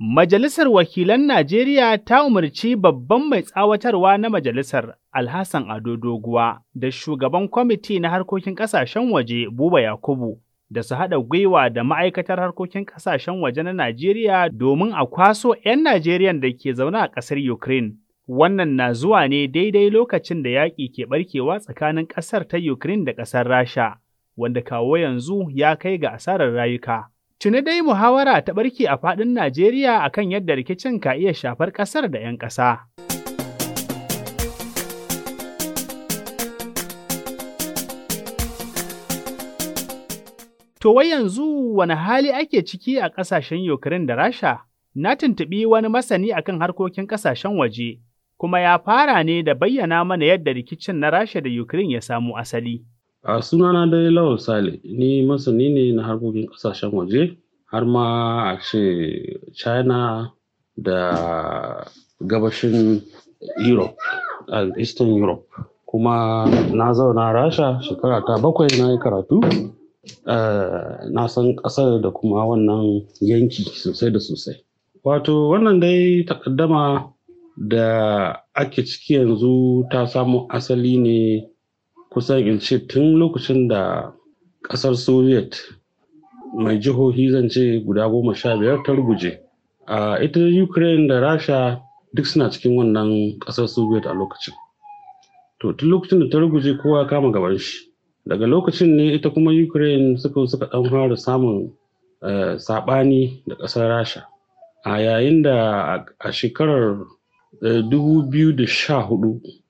Majalisar Wakilan Najeriya ta umarci babban mai tsawatarwa na majalisar Alhassan Ado Doguwa da shugaban kwamiti na harkokin ƙasashen waje Buba Yakubu da su haɗa gwiwa da ma'aikatar harkokin ƙasashen waje na Najeriya domin a kwaso 'yan Najeriyan da ke zaune a ƙasar Ukraine. Wannan na zuwa ne daidai lokacin da yaƙi ke ɓarkewa tsakanin ƙasar ta Ukraine da ƙasar Rasha, wanda kawo yanzu ya kai ga asarar rayuka. Tuni dai muhawara ta ɓarke a faɗin Najeriya akan yadda rikicin ka iya shafar ƙasar da 'yan ƙasa. To wai yanzu wani hali ake ciki a ƙasashen Ukraine da Rasha? Na tuntuɓi wani masani akan harkokin ƙasashen waje, kuma ya fara ne da bayyana mana yadda rikicin na Rasha da Ukraine ya samu asali. A sunana dai Lawal Sale, ni masani ne na harkokin ƙasashen waje, har ma a ce China da gabashin Europe, Eastern Europe. Kuma na zauna Rasha shekara ta bakwai na yi karatu. na san ƙasar da kuma wannan yanki sosai da sosai. Wato wannan dai takaddama da ake ciki yanzu ta samo asali ne kusan in ce tun lokacin da ƙasar soviet mai jihohi zan ce guda goma sha biyar ta ruguje a ita ukraine da rasha duk suna cikin wannan ƙasar soviet a lokacin to tun lokacin da ta ruguje kowa kama gaban shi daga lokacin ne ita kuma ukraine suka suka dan fara samun eh, saɓani da ƙasar rasha a yayin da a shekarar 2014 eh,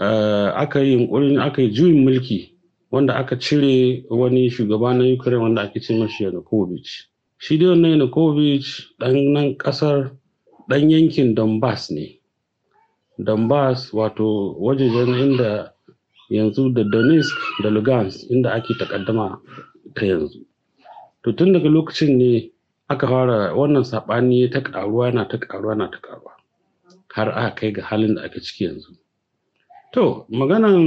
Eh, aka yi yunkurin aka yi juyin mulki wanda aka cire wani shugaba na Ukraine wanda ake ce mashi Yanukovych. Shi dai wannan Yanukovych ɗan nan ƙasar ɗan yankin Donbass ne. Donbass wato wajejen inda yanzu da Donetsk da Lugansk inda ake takaddama ta yanzu. To tun daga lokacin ne aka fara wannan saɓani ta ƙaruwa na ta ƙaruwa na ta ƙaruwa har aka kai ga halin da ake ciki yanzu. To, maganan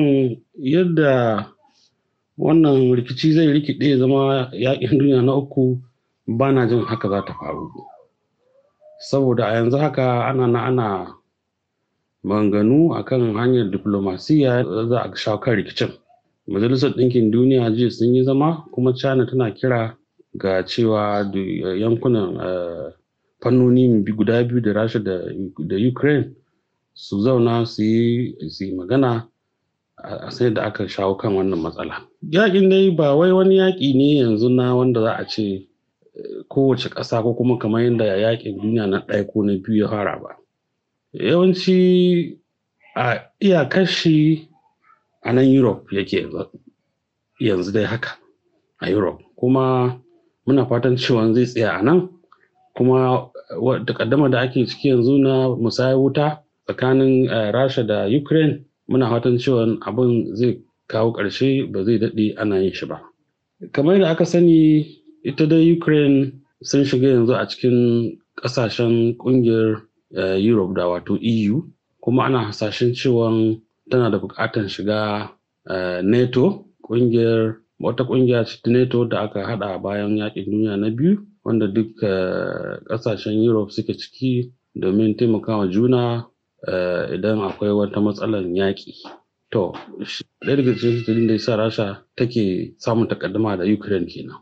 yadda wannan rikici zai rikide zama yakin duniya na uku ba na jin haka za ta faru. Saboda a yanzu haka ana na ana manganu a kan hanyar diflomasiyya za a shawo kan rikicin. Majalisar Ɗinkin Duniya jiya sun yi zama kuma China tana kira ga cewa yankunan eh, fannoni guda biyu da Rasha da Ukraine su zauna su yi magana a sai da aka shawo kan wannan matsala. Yaƙin dai ba wai wani yaƙi ne yanzu na wanda za a ce eh, kowace ƙasa ko kuma kamar yadda yaƙin duniya na ɗaya ko na biyu ya fara ba. Yawanci a iyakar shi a nan Europe yake yanzu dai haka a Europe kuma muna fatan cewa zai tsaya a nan kuma eh, takaddama da ake ciki yanzu na musayar wuta tsakanin eh, rasha da ukraine muna fatan cewa abin zai kawo ƙarshe ba zai daɗe ana yin shi ba kamar da aka sani ita dai ukraine sun shiga yanzu a cikin ƙasashen ƙungiyar eh, europe da wato eu kuma ana hasashen cewa tana da buƙatar shiga eh, nato ƙungiyar wata ƙungiya ce ta nato da aka haɗa bayan yaƙin duniya na biyu wanda duk ƙasashen europe suke ciki domin taimakawa juna Eh, idan akwai wata matsalar yaƙi to ɗaya daga cikin dalilin da yasa Rasha take samun takaddama da Ukraine kenan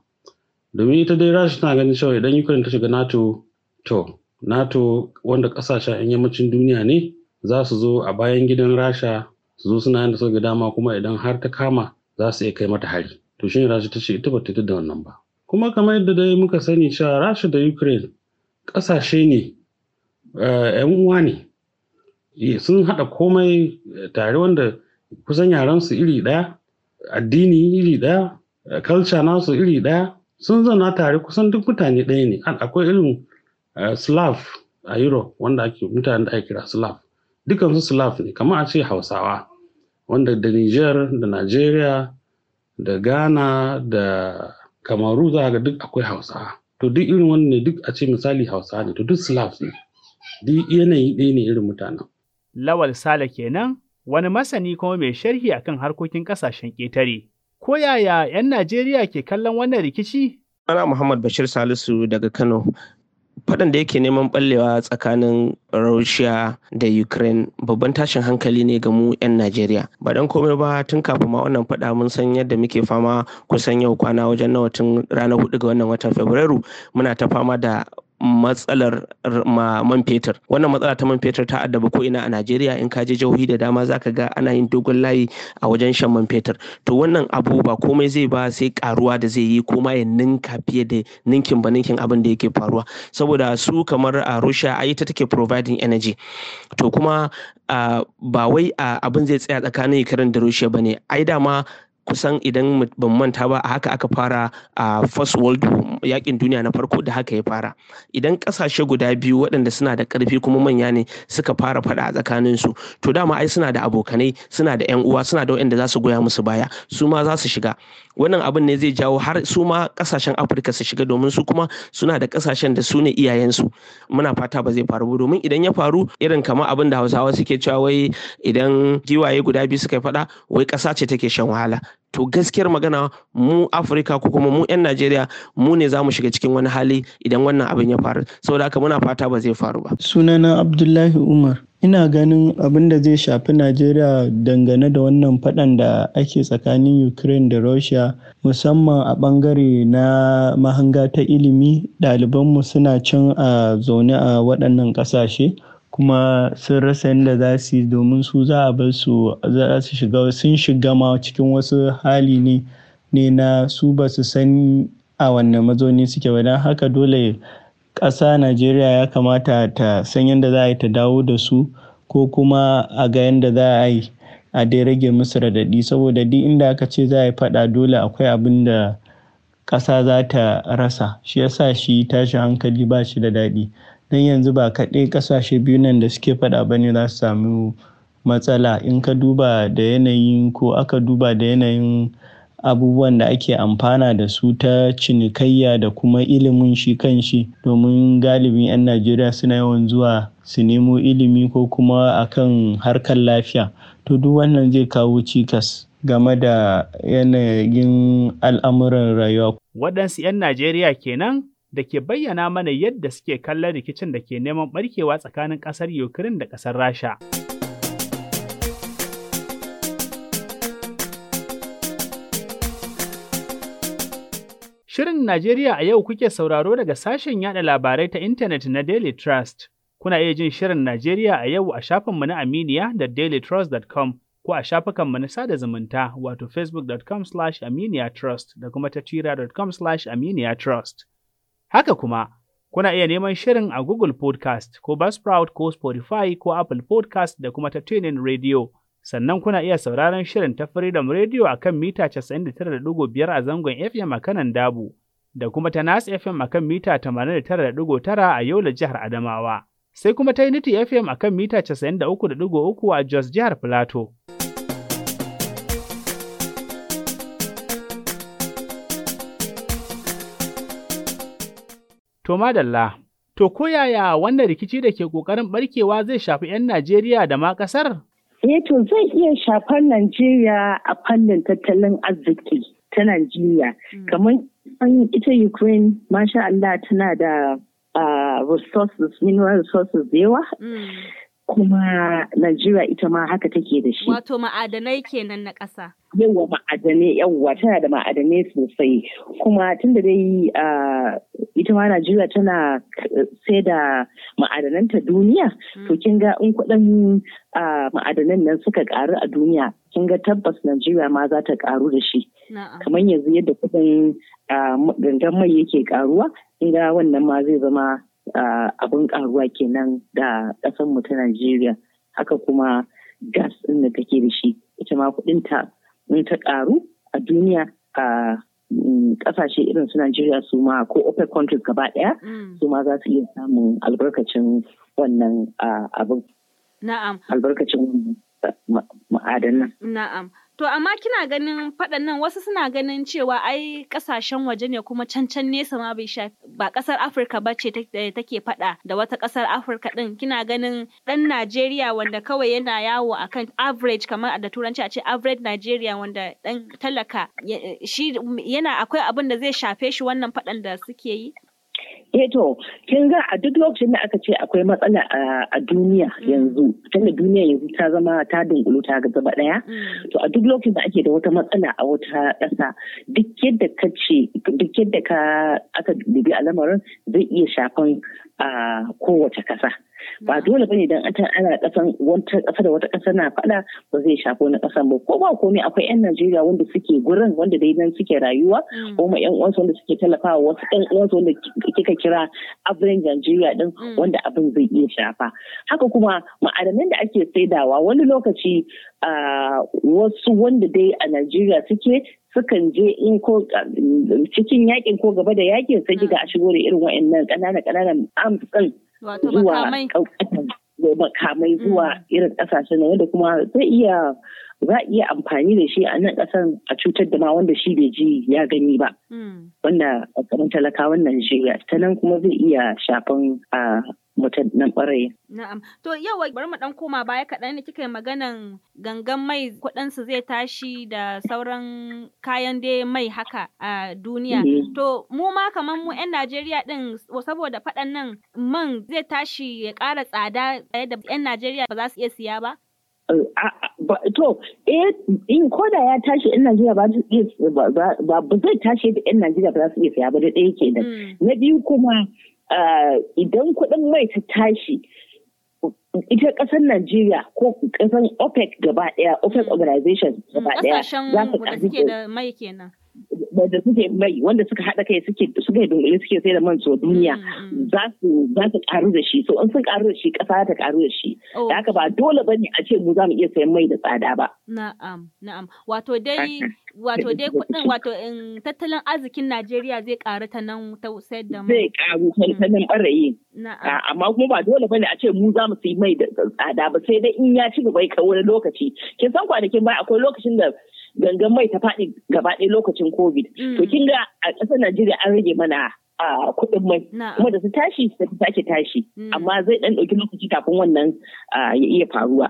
domin ita dai Rasha tana ganin cewa idan Ukraine ta shiga NATO to NATO wanda ƙasashen 'yan yammacin duniya ne za su zo a bayan gidan Rasha su zo suna yin da suka dama kuma idan har ta kama za su iya kai mata hari to shi ne Rasha ta ce ita ba ta da wannan ba kuma kamar yadda dai muka sani cewa Rasha da Ukraine ƙasashe ne 'yan eh, uwa ne Eh, sun haɗa komai eh, tare wanda kusan yaran su iri ɗaya addini iri ɗaya eh, culture nasu iri ɗaya sun zana tare kusan duk mutane ɗaya ne akwai irin slav a europe wanda ake mutane da ake kira slav dukansu slav ne kamar a ce hausawa wanda da niger da nigeria da ghana da kamaru za ga duk akwai hausawa to duk irin wannan ne duk a ce misali hausawa ne to duk slav ne duk yanayi ɗaya ne irin mutanen Lawal Sale kenan, wani masani kuma mai sharhi akan harkokin ƙasashen ƙetare. Ko yaya 'yan Najeriya ke kallon wannan rikici? Ana Muhammad Bashir Salisu daga Kano. Faɗan da yake neman ɓallewa tsakanin Russia da Ukraine babban tashin hankali ne ga mu 'yan Najeriya. Ba dan komai ba tun kafin ma wannan faɗa mun san yadda muke fama kusan yau kwana wajen na watan ranar hudu ga wannan watan Fabrairu muna ta fama da matsalar man fetur wannan matsala ta man fetur ta addaba ko ina a najeriya in ka je jihohi da dama zaka ga ana yin dogon layi a wajen shan man fetur to wannan abu ba komai zai ba sai karuwa da zai yi koma ya ninka fiye da ninkin ba ninkin abin da yake faruwa saboda su kamar a rusha a ta take providing energy to kuma ba wai abin zai tsaya tsakanin ukraine da rusha bane ai dama kusan idan ban manta ba a haka aka fara a first world yakin duniya na farko da haka ya fara idan kasashe guda biyu waɗanda suna da ƙarfi kuma manya ne suka fara faɗa a tsakaninsu to dama ai suna da abokanai suna da yan uwa suna da wanda za su goya musu baya su ma za su shiga wannan abin ne zai jawo har su ma kasashen afirka su shiga domin su kuma suna da kasashen da su ne iyayensu muna fata ba zai faru ba domin idan ya faru irin kamar abin da hausawa suke cewa wai idan giwaye guda biyu suka faɗa wai ƙasa ce take shan wahala to gaskiyar magana mu afirka ko kuma mu 'yan najeriya mu ne za mu shiga cikin wani hali idan wannan abin ya faru saboda haka muna fata ba zai faru ba sunana abdullahi umar ina ganin abin da zai shafi najeriya dangane da wannan fadan da ake tsakanin ukraine da russia musamman a bangare na mahanga ta ilimi ɗalibanmu suna can a zaune a waɗannan ƙasashe kuma sun rasa yadda za su yi domin su za a bar su za su shiga sun shiga ma cikin wasu hali ne ne na su ba su sani a wanne mazauni suke ba don haka dole ƙasa najeriya ya kamata ta san yadda za a yi ta dawo da su ko kuma a ga yadda za a yi a dai rage musu radadi saboda duk inda aka ce za a yi faɗa dole akwai abin da ƙasa za ta rasa shi yasa shi tashi hankali ba shi da daɗi don yanzu ba kaɗai ƙasashe biyu nan da suke faɗa ba ne za su samu matsala in ka duba da yanayin ko aka duba da yanayin abubuwan da ake amfana da su ta cinikayya da kuma ilimin shi kan shi domin galibin 'yan najeriya suna yawan zuwa su nemo ilimi ko kuma akan harkar lafiya to duk wannan zai kawo cikas game da yanayin al'amuran rayuwa waɗansu 'yan najeriya kenan da ke bayyana mana yadda suke kallon rikicin da ke neman barkewa tsakanin ƙasar Ukraine da ƙasar Rasha. Shirin Najeriya a yau kuke sauraro daga sashen yada labarai ta intanet na Daily Trust. Kuna iya jin Shirin Najeriya a yau a shafinmu na Aminiya da dailytrust.com ko a shafukanmu na sada zumunta wato facebook.com slash aminiya trust da kuma ta aminiya trust. Haka kuma, kuna iya neman shirin a Google Podcast ko Buzzsprout ko Spotify ko Apple Podcast da kuma ta TuneIn Radio. Sannan kuna iya sauraron shirin ta Freedom Radio a kan mita 99.5 a zangon FM a kanan Dabu da kuma ta Nas FM a kan mita 89.9 a Yola jihar Adamawa. Sai kuma ta Unity FM a kan mita 93.3 a Jos jihar Plateau. To madalla, to ko yaya wannan rikici da ke ƙoƙarin ɓarkewa zai shafi 'yan Najeriya da ma ƙasar? Eh to zai iya shafar Najeriya a fannin tattalin arziki ta Najeriya. Hmm. Kamar ita Ukraine, masha Allah tana da ah, resources, mineral resources da yawa. Hmm. kuma Najeriya ita ma haka take da shi. Wato ma'adanai kenan na ƙasa. Yawwa ma'adanai yawwa tana da ma'adanai sosai kuma tun da dai ita ma Najeriya tana eh, sai da ma'adananta duniya hmm. to kin ga in kuɗin ma'adanan nan suka ƙaru a duniya kin ga tabbas Najeriya ma za ta ƙaru da shi. Kamar yanzu yadda kuɗin gangan mai yake ƙaruwa kin ga wannan ma zai zama abin karuwa kenan da ƙasar mu ta Najeriya haka kuma gas ɗin da take da shi ita ma kuɗin ta mun ta ƙaru a duniya a mm, ƙasashe irin su Najeriya su ma ko OPEC countries gaba ɗaya mm. su ma za su iya samun albarkacin wannan abin. Na'am. Albarkacin ma'adanan. Na'am. To amma kina ganin faɗan nan wasu suna ganin cewa ai ƙasashen waje ne kuma cancan nesa ma bai sha ba ƙasar Afirka ba ce take faɗa da wata ƙasar Afirka ɗin kina ganin ɗan Najeriya wanda kawai yana yawo akan average kamar da turanci a ce average Najeriya wanda ɗan talaka shi yana akwai abin da zai shafe shi wannan faɗan da suke yi? e to kin ga a duk lokacin da aka ce akwai matsala a duniya mm. yanzu tunda duniya yanzu ta zama ta dunkulu ta ga gaba daya mm. to a duk lokacin da ake da wata matsala a wata ƙasa duk yadda ka ce duk yadda ka aka dubi a lamarin zai iya shafan a kowace ƙasa ba mm. dole bane ta ana kasan wata ƙasa da wata ƙasa na faɗa ba zai shafi na ƙasan ba ko ba komai akwai yan Najeriya wanda suke gurin wanda dai nan suke rayuwa ko ma yan uwansu wanda suke talafawa wasu yan uwansu wanda kika kira afirin Najeriya din mm. wanda abin zai iya shafa. Haka kuma ma'adanan da ake saidawa wani lokaci wasu wanda dai a Najeriya suke sukan je in ko cikin yakin ko gaba da yakin sai ga mm. a shigo da irin wa'annan ƙananan ƙananan amsan zuwa makamai zuwa mm. irin ƙasashen wanda kuma zai iya za a iya amfani da shi a nan ƙasar a cutar da ma wanda shi bai ji ya gani ba. Hmm. Wanda a karin talakawan Najeriya ta nan kuma zai iya shafan a mutum nan kwarai. Na'am. To yau bari mu ɗan koma baya kaɗan ne kika yi maganan gangan mai kuɗinsu zai tashi da sauran kayan dai mai haka a duniya. Eh. To mu ma kamar mu 'yan Najeriya din saboda faɗan nan man zai tashi ya ƙara tsada da 'yan Najeriya ba za su iya siya ba? to eh in koda ya tashi yan Najeriya ba su iya ba ba zai tashi da yan Najeriya ba za su iya saya ba da ɗaya kenan mm. na biyu kuma idan kuɗin mai ta tashi ita ƙasar Najeriya ko ƙasar OPEC gaba ɗaya OPEC mm. organization gaba mm, ɗaya za su ƙarfi da mai kenan da suke mai wanda suka haɗa kai suke suke dungule suke sai da man so duniya mm, mm, mm. za su za su karu da shi so in sun karu da shi ƙasa ta karu da shi da oh. haka ba dole bane a ce mu za mu iya sayan mai da tsada ba na'am na'am wato dai wato dai kuɗin wato in tattalin arzikin Najeriya zai karu ta nan ta sayar da mai zai karu ta nan Na'am. Ah, amma kuma ba dole bane a ce mu za mu sayi mai da tsada ba sai dai in ya ci gaba kai wani lokaci kin san kwanakin ba akwai lokacin da gangan mai ta faɗi gaba ɗaya lokacin covid mm. to kin ga a ƙasar najeriya an rage mana a kuɗin mai kuma da su tashi da su sake tashi mm. amma zai ɗan ɗauki lokaci kafin wannan ya iya faruwa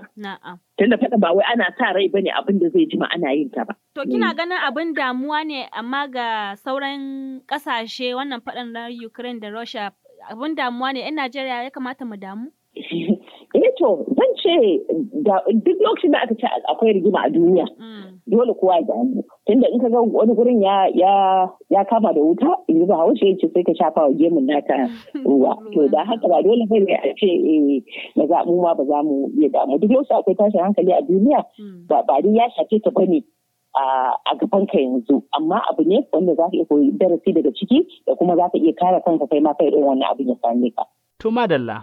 tunda faɗa ba wai ana sa rai bane abin da zai jima ana yin ta ba to kina mm. ganin abin damuwa ne amma ga sauran ƙasashe wannan faɗan na Ukraine da Russia abin damuwa ne 'yan Najeriya ya kamata mu damu? Eh to zan ce duk lokacin da aka ce akwai rigima a duniya dole kowa ya tunda in ka ga wani gurin ya ya ya kama da wuta in ba bahaushe ya ce sai ka shafa wa gemun naka ruwa to da haka ba dole sai a ce eh na zamu ma ba za mu iya damu duk wasu akwai tashin hankali a duniya hmm. ba ba dai ya shafe ta bane a gaban ka yanzu amma abu ne wanda za ka iya koyi darasi daga ciki da kuma za ka iya kare kanka kai ma kai irin wannan abin ya same ka to madalla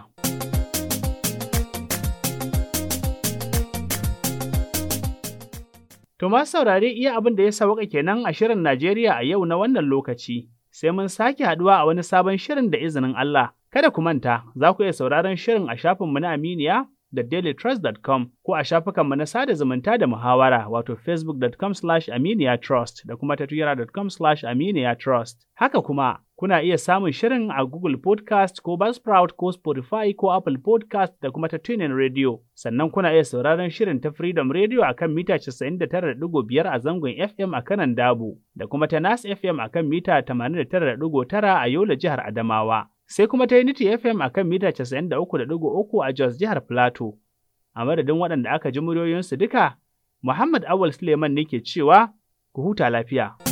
To masu saurare iya abin da ya sauka kenan a shirin Najeriya a yau na wannan lokaci, sai mun sake haduwa a wani sabon shirin da izinin Allah. Kada ku manta, za ku iya sauraron shirin a shafinmu na Aminiya da dailytrust.com ko a shafukanmu na sada zumunta da muhawara wato facebook.com slash aminiyatrust da kuma tatwira.com slash aminiyatrust. Haka kuma kuna iya samun shirin a Google Podcast ko Buzzsprout ko Spotify ko Apple Podcast da kuma ta TuneIn Radio. Sannan kuna iya sauraron shirin ta Freedom Radio a kan mita 99.5 a zangon FM a kanan Dabo da kuma ta Nas FM a kan mita 89.9 a Yola jihar Adamawa. sai kuma ta Unity FM a kan mita 93.3 a Jos jihar Plateau. A madadin waɗanda aka ji muryoyinsu duka, Muhammad Awal Suleiman ne ke cewa, ku huta lafiya.